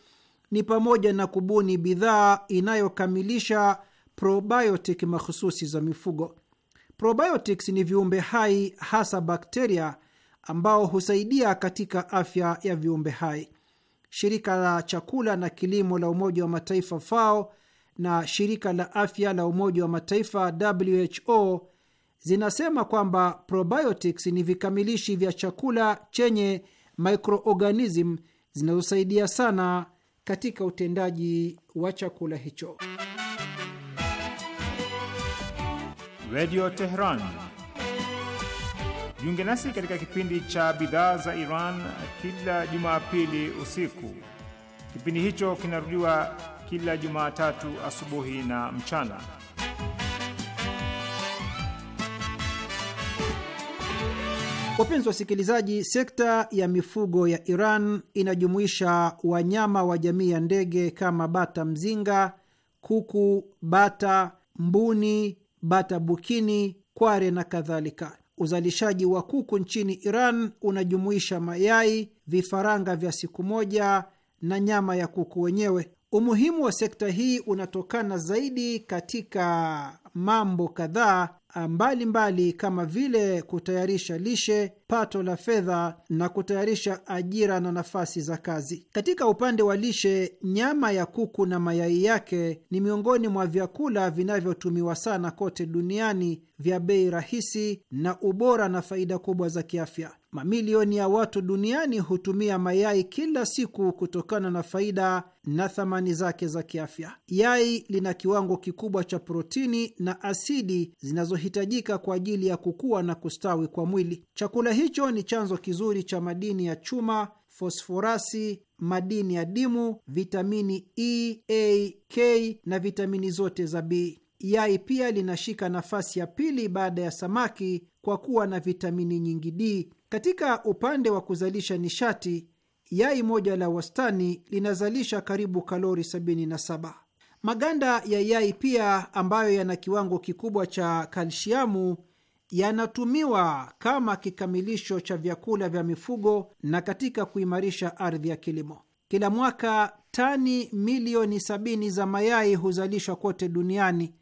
ni pamoja na kubuni bidhaa inayokamilisha probiotic mahususi za mifugo. Probiotics ni viumbe hai, hasa bakteria, ambao husaidia katika afya ya viumbe hai. Shirika la chakula na kilimo la Umoja wa Mataifa FAO na shirika la afya la Umoja wa Mataifa WHO zinasema kwamba probiotics ni vikamilishi vya chakula chenye microorganism zinazosaidia sana katika utendaji wa chakula hicho. Redio Tehran. Jiunge nasi katika kipindi cha bidhaa za Iran kila Jumapili usiku. Kipindi hicho kinarudiwa kila Jumatatu asubuhi na mchana. Wapenzi wasikilizaji, sekta ya mifugo ya Iran inajumuisha wanyama wa jamii ya ndege kama bata mzinga, kuku, bata, mbuni, bata bukini, kware na kadhalika. Uzalishaji wa kuku nchini Iran unajumuisha mayai, vifaranga vya siku moja na nyama ya kuku wenyewe. Umuhimu wa sekta hii unatokana zaidi katika mambo kadhaa mbalimbali kama vile kutayarisha lishe pato la fedha na kutayarisha ajira na nafasi za kazi. Katika upande wa lishe, nyama ya kuku na mayai yake ni miongoni mwa vyakula vinavyotumiwa sana kote duniani, vya bei rahisi na ubora na faida kubwa za kiafya. Mamilioni ya watu duniani hutumia mayai kila siku kutokana na faida na thamani zake za kiafya. Yai lina kiwango kikubwa cha protini na asidi zinazohitajika kwa ajili ya kukua na kustawi kwa mwili. Chakula hicho ni chanzo kizuri cha madini ya chuma, fosforasi, madini ya dimu, vitamini E, A, K na vitamini zote za B. Yai pia linashika nafasi ya pili baada ya samaki kwa kuwa na vitamini nyingi D. Katika upande wa kuzalisha nishati, yai moja la wastani linazalisha karibu kalori 77. Maganda ya yai pia ambayo yana kiwango kikubwa cha kalsiamu yanatumiwa kama kikamilisho cha vyakula vya mifugo na katika kuimarisha ardhi ya kilimo. Kila mwaka tani milioni sabini za mayai huzalishwa kote duniani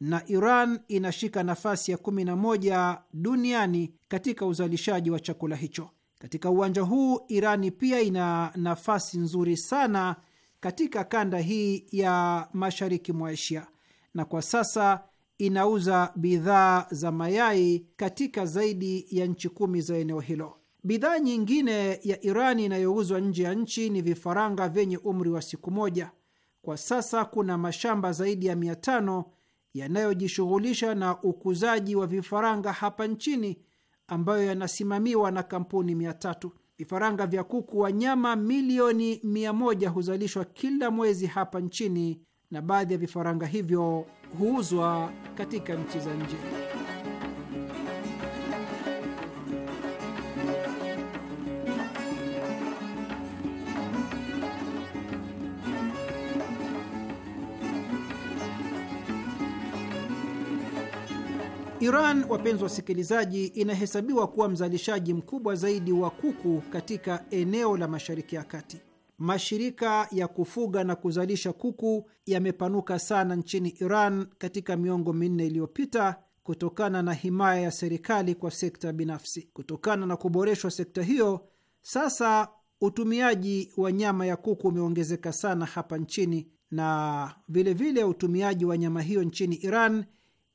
na Iran inashika nafasi ya 11 duniani katika uzalishaji wa chakula hicho. Katika uwanja huu, Irani pia ina nafasi nzuri sana katika kanda hii ya mashariki mwa Asia, na kwa sasa inauza bidhaa za mayai katika zaidi ya nchi kumi za eneo hilo. Bidhaa nyingine ya Irani inayouzwa nje ya nchi ni vifaranga vyenye umri wa siku moja. Kwa sasa kuna mashamba zaidi ya mia tano yanayojishughulisha na ukuzaji wa vifaranga hapa nchini ambayo yanasimamiwa na kampuni mia tatu. Vifaranga vya kuku wa nyama milioni mia moja huzalishwa kila mwezi hapa nchini na baadhi ya vifaranga hivyo huuzwa katika nchi za nje. Iran, wapenzi wasikilizaji, inahesabiwa kuwa mzalishaji mkubwa zaidi wa kuku katika eneo la Mashariki ya Kati mashirika ya kufuga na kuzalisha kuku yamepanuka sana nchini Iran katika miongo minne iliyopita kutokana na himaya ya serikali kwa sekta binafsi. Kutokana na kuboreshwa sekta hiyo, sasa utumiaji wa nyama ya kuku umeongezeka sana hapa nchini, na vilevile vile utumiaji wa nyama hiyo nchini Iran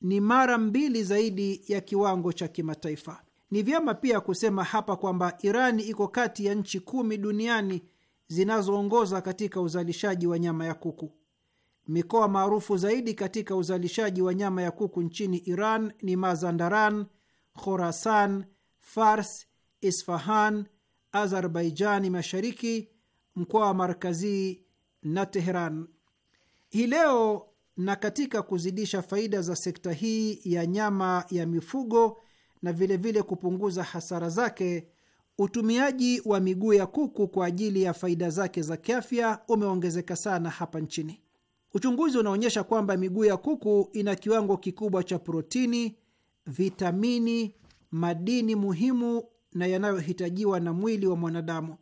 ni mara mbili zaidi ya kiwango cha kimataifa. Ni vyema pia kusema hapa kwamba Iran iko kati ya nchi kumi duniani zinazoongoza katika uzalishaji wa nyama ya kuku. Mikoa maarufu zaidi katika uzalishaji wa nyama ya kuku nchini Iran ni Mazandaran, Khorasan, Fars, Isfahan, Azerbaijani Mashariki, mkoa wa Markazi na Teheran. Hii leo na katika kuzidisha faida za sekta hii ya nyama ya mifugo na vilevile vile kupunguza hasara zake utumiaji wa miguu ya kuku kwa ajili ya faida zake za kiafya umeongezeka sana hapa nchini. Uchunguzi unaonyesha kwamba miguu ya kuku ina kiwango kikubwa cha protini, vitamini, madini muhimu na yanayohitajiwa na mwili wa mwanadamu.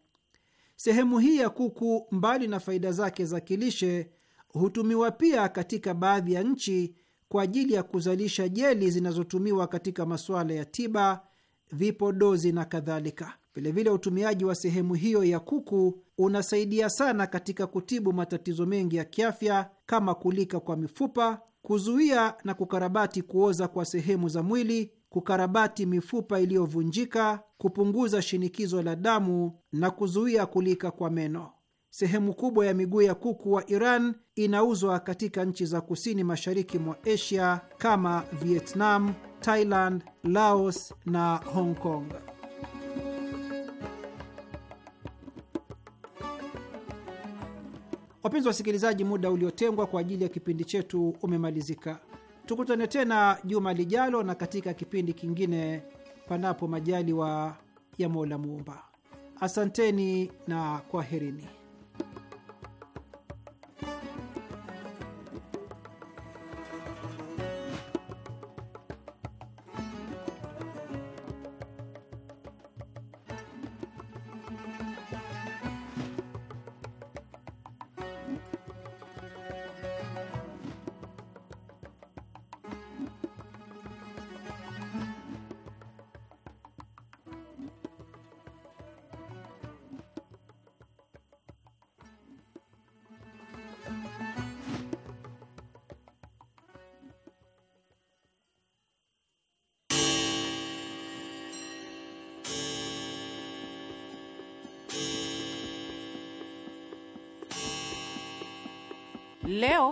Sehemu hii ya kuku, mbali na faida zake za kilishe, hutumiwa pia katika baadhi ya nchi kwa ajili ya kuzalisha jeli zinazotumiwa katika masuala ya tiba vipodozi na kadhalika. Vilevile, utumiaji wa sehemu hiyo ya kuku unasaidia sana katika kutibu matatizo mengi ya kiafya kama kulika kwa mifupa, kuzuia na kukarabati kuoza kwa sehemu za mwili, kukarabati mifupa iliyovunjika, kupunguza shinikizo la damu na kuzuia kulika kwa meno. Sehemu kubwa ya miguu ya kuku wa Iran inauzwa katika nchi za kusini mashariki mwa Asia kama Vietnam, Thailand, Laos na Hong Kong. Wapenzi wa wasikilizaji, muda uliotengwa kwa ajili ya kipindi chetu umemalizika. Tukutane tena juma lijalo na katika kipindi kingine, panapo majaliwa ya Mola Muumba. Asanteni na kwaherini.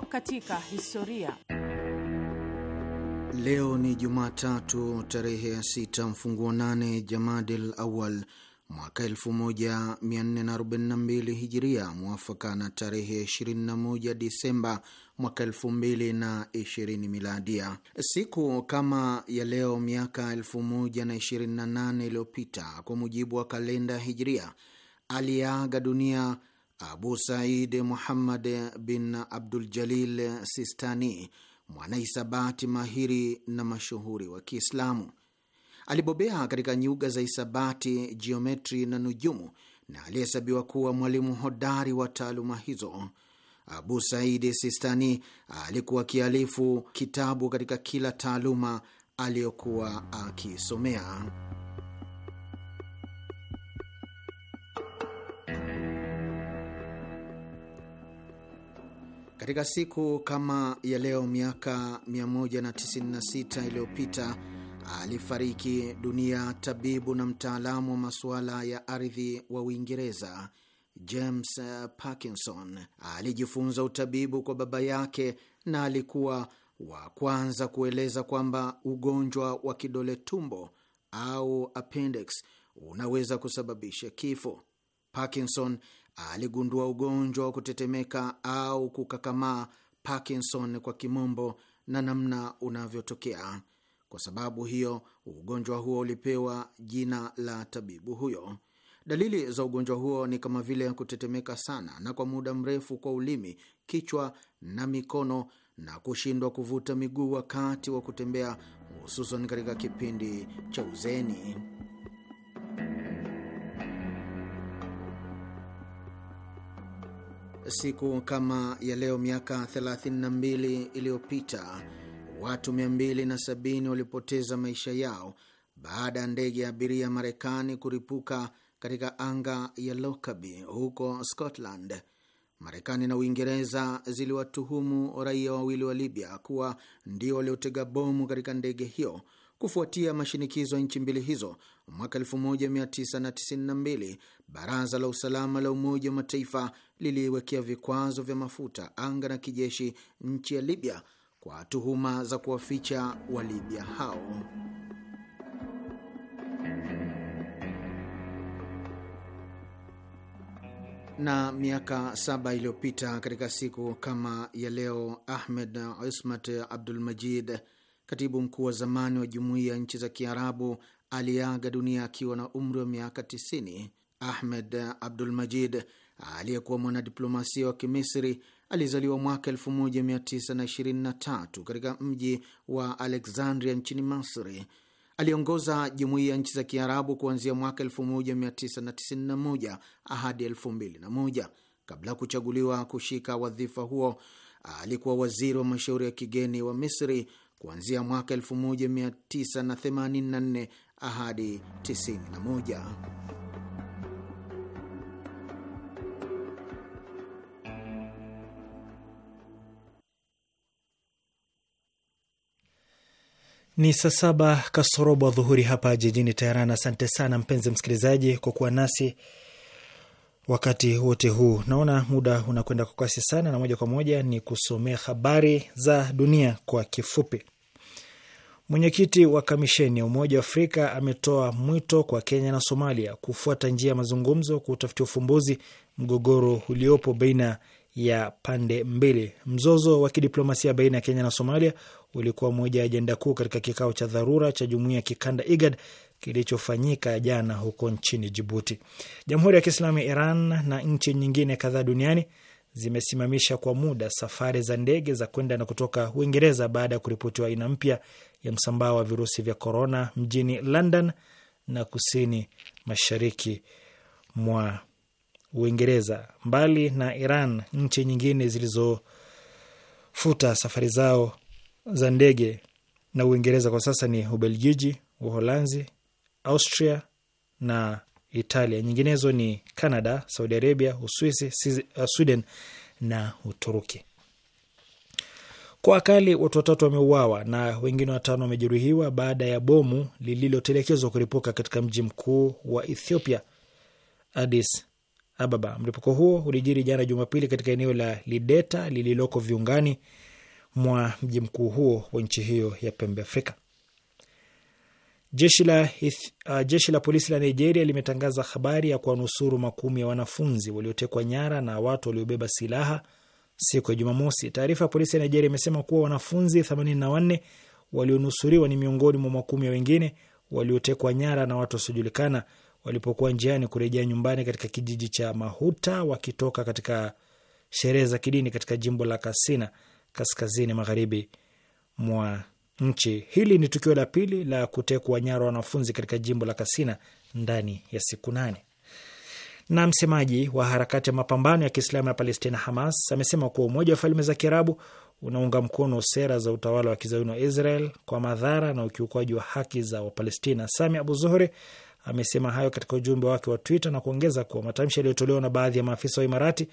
katika historia. Leo ni Jumatatu tarehe ya sita mfunguo nane Jamadil Awal mwaka 1442 hijiria mwafaka na tarehe 21 Disemba mwaka 2020 miladia. Siku kama ya leo miaka 1028 iliyopita kwa mujibu wa kalenda hijiria aliyeaga dunia Abu Said Muhammad bin Abdul Jalil Sistani, mwanahisabati mahiri na mashuhuri wa Kiislamu, alibobea katika nyuga za hisabati, jiometri na nujumu, na alihesabiwa kuwa mwalimu hodari wa taaluma hizo. Abu Saidi Sistani alikuwa akialifu kitabu katika kila taaluma aliyokuwa akisomea. Katika siku kama ya leo miaka 196 iliyopita alifariki dunia tabibu na mtaalamu wa masuala ya ardhi wa Uingereza James Parkinson. Alijifunza utabibu kwa baba yake na alikuwa wa kwanza kueleza kwamba ugonjwa wa kidole tumbo au appendix unaweza kusababisha kifo. Parkinson aligundua ugonjwa wa kutetemeka au kukakamaa, Parkinson kwa kimombo, na namna unavyotokea. Kwa sababu hiyo, ugonjwa huo ulipewa jina la tabibu huyo. Dalili za ugonjwa huo ni kama vile kutetemeka sana na kwa muda mrefu kwa ulimi, kichwa na mikono na kushindwa kuvuta miguu wakati wa kutembea, hususan katika kipindi cha uzeni. Siku kama ya leo miaka 32 iliyopita watu 270 walipoteza maisha yao baada ya ndege ya abiria ya Marekani kuripuka katika anga ya Lockerbie huko Scotland. Marekani na Uingereza ziliwatuhumu raia wawili wa Libya kuwa ndio waliotega bomu katika ndege hiyo kufuatia mashinikizo ya nchi mbili hizo mwaka 1992 baraza la usalama la Umoja wa Mataifa liliwekea vikwazo vya mafuta, anga na kijeshi nchi ya Libya kwa tuhuma za kuwaficha Walibya hao. na miaka saba iliyopita katika siku kama ya leo, Ahmed Ismat Abdul Majid, katibu mkuu wa zamani wa Jumuiya ya Nchi za Kiarabu, aliyeaga dunia akiwa na umri wa miaka 90. Ahmed abdul majid aliyekuwa mwanadiplomasia wa Kimisri alizaliwa mwaka 1923 katika mji wa Alexandria nchini Misri. Aliongoza jumuiya ya nchi za Kiarabu kuanzia mwaka 1991 hadi 2001. Kabla ya kuchaguliwa kushika wadhifa huo, alikuwa waziri wa mashauri ya kigeni wa Misri kuanzia mwaka 1984 ahadi 91. Ni saa saba kasorobo dhuhuri hapa jijini Teheran. Asante sana mpenzi msikilizaji kwa kuwa nasi wakati wote huu. Naona muda unakwenda kwa kasi sana, na moja kwa moja ni kusomea habari za dunia kwa kifupi. Mwenyekiti wa kamisheni ya Umoja wa Afrika ametoa mwito kwa Kenya na Somalia kufuata njia ya mazungumzo kutafutia ufumbuzi mgogoro uliopo baina ya pande mbili. Mzozo wa kidiplomasia baina ya Kenya na Somalia ulikuwa moja ya ajenda kuu katika kikao cha dharura cha jumuiya ya kikanda IGAD kilichofanyika jana huko nchini Jibuti. Jamhuri ya Kiislamu ya Iran na nchi nyingine kadhaa duniani zimesimamisha kwa muda safari za ndege za kwenda na kutoka Uingereza baada ya kuripotiwa aina mpya ya msambao wa virusi vya korona mjini London na kusini mashariki mwa Uingereza. Mbali na Iran, nchi nyingine zilizofuta safari zao za ndege na Uingereza kwa sasa ni Ubelgiji, Uholanzi, Austria na Italia. Nyinginezo ni Canada, Saudi Arabia, Uswisi, uh, Sweden na Uturuki. Kwa akali watu watatu wameuawa na wengine watano wamejeruhiwa baada ya bomu lililotelekezwa kuripuka katika mji mkuu wa Ethiopia, Addis Ababa. Mlipuko huo ulijiri jana Jumapili katika eneo la Lideta lililoko viungani mwa mji mkuu huo wa nchi hiyo ya pembe Afrika. Jeshi la, uh, jeshi la polisi la Nigeria limetangaza habari ya kuwanusuru makumi ya wanafunzi waliotekwa nyara na watu waliobeba silaha siku ya Jumamosi. Taarifa ya polisi ya Nigeria imesema kuwa wanafunzi 84 walionusuriwa ni miongoni mwa makumi ya wengine waliotekwa nyara na watu wasiojulikana walipokuwa njiani kurejea nyumbani katika kijiji cha Mahuta wakitoka katika sherehe za kidini katika jimbo la Kasina kaskazini magharibi mwa nchi. Hili ni tukio la pili la kutekwa nyara wanafunzi katika jimbo la Kasina ndani ya siku nane. Na msemaji wa harakati ya mapambano ya Kiislamu ya Palestina, Hamas, amesema kuwa Umoja wa Falme za Kiarabu unaunga mkono sera za utawala wa kizayuni wa Israel kwa madhara na ukiukwaji wa haki za Wapalestina. Sami Abu Zuhri amesema hayo katika ujumbe wake wa Twitter na kuongeza kuwa matamshi yaliyotolewa na baadhi ya maafisa wa Imarati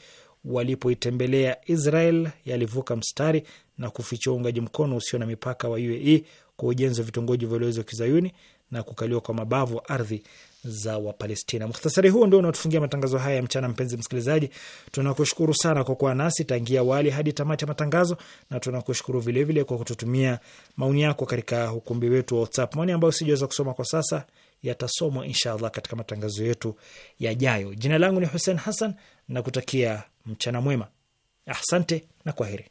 walipoitembelea Israel yalivuka mstari na kufichia uungaji mkono usio na mipaka wa UAE kwa ujenzi wa vitongoji vya ulowezi wa kizayuni na kukaliwa kwa mabavu ardhi za Wapalestina. Mukhtasari huo ndio unaotufungia matangazo haya ya mchana. Mpenzi msikilizaji, tunakushukuru sana kwa kuwa nasi tangia wali hadi tamati ya matangazo, na tunakushukuru vilevile kwa kututumia maoni yako katika ukumbi wetu wa WhatsApp. Maoni ambayo sijaweza kusoma kwa sasa yatasomwa inshallah katika matangazo yetu yajayo. Jina langu ni Hussein Hassan na kutakia mchana mwema. Asante na kwaheri.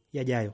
yajayo.